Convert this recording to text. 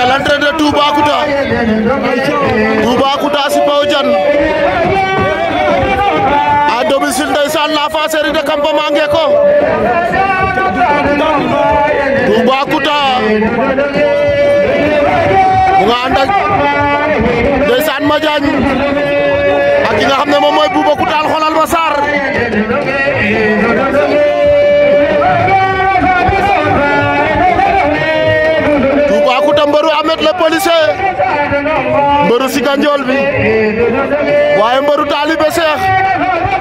ca l'entrée de Toubacouta Toubacouta si Bawdiane à domicile ndeysaan la fa série de campement nge ko Toubacouta mu nga ànd ak ndeysaan Madiagne ak xam ne moom mooy Boubacar Tall xolal ba les policiers mbëru Sika Ndiol bi waaye mbëru taalibe Seex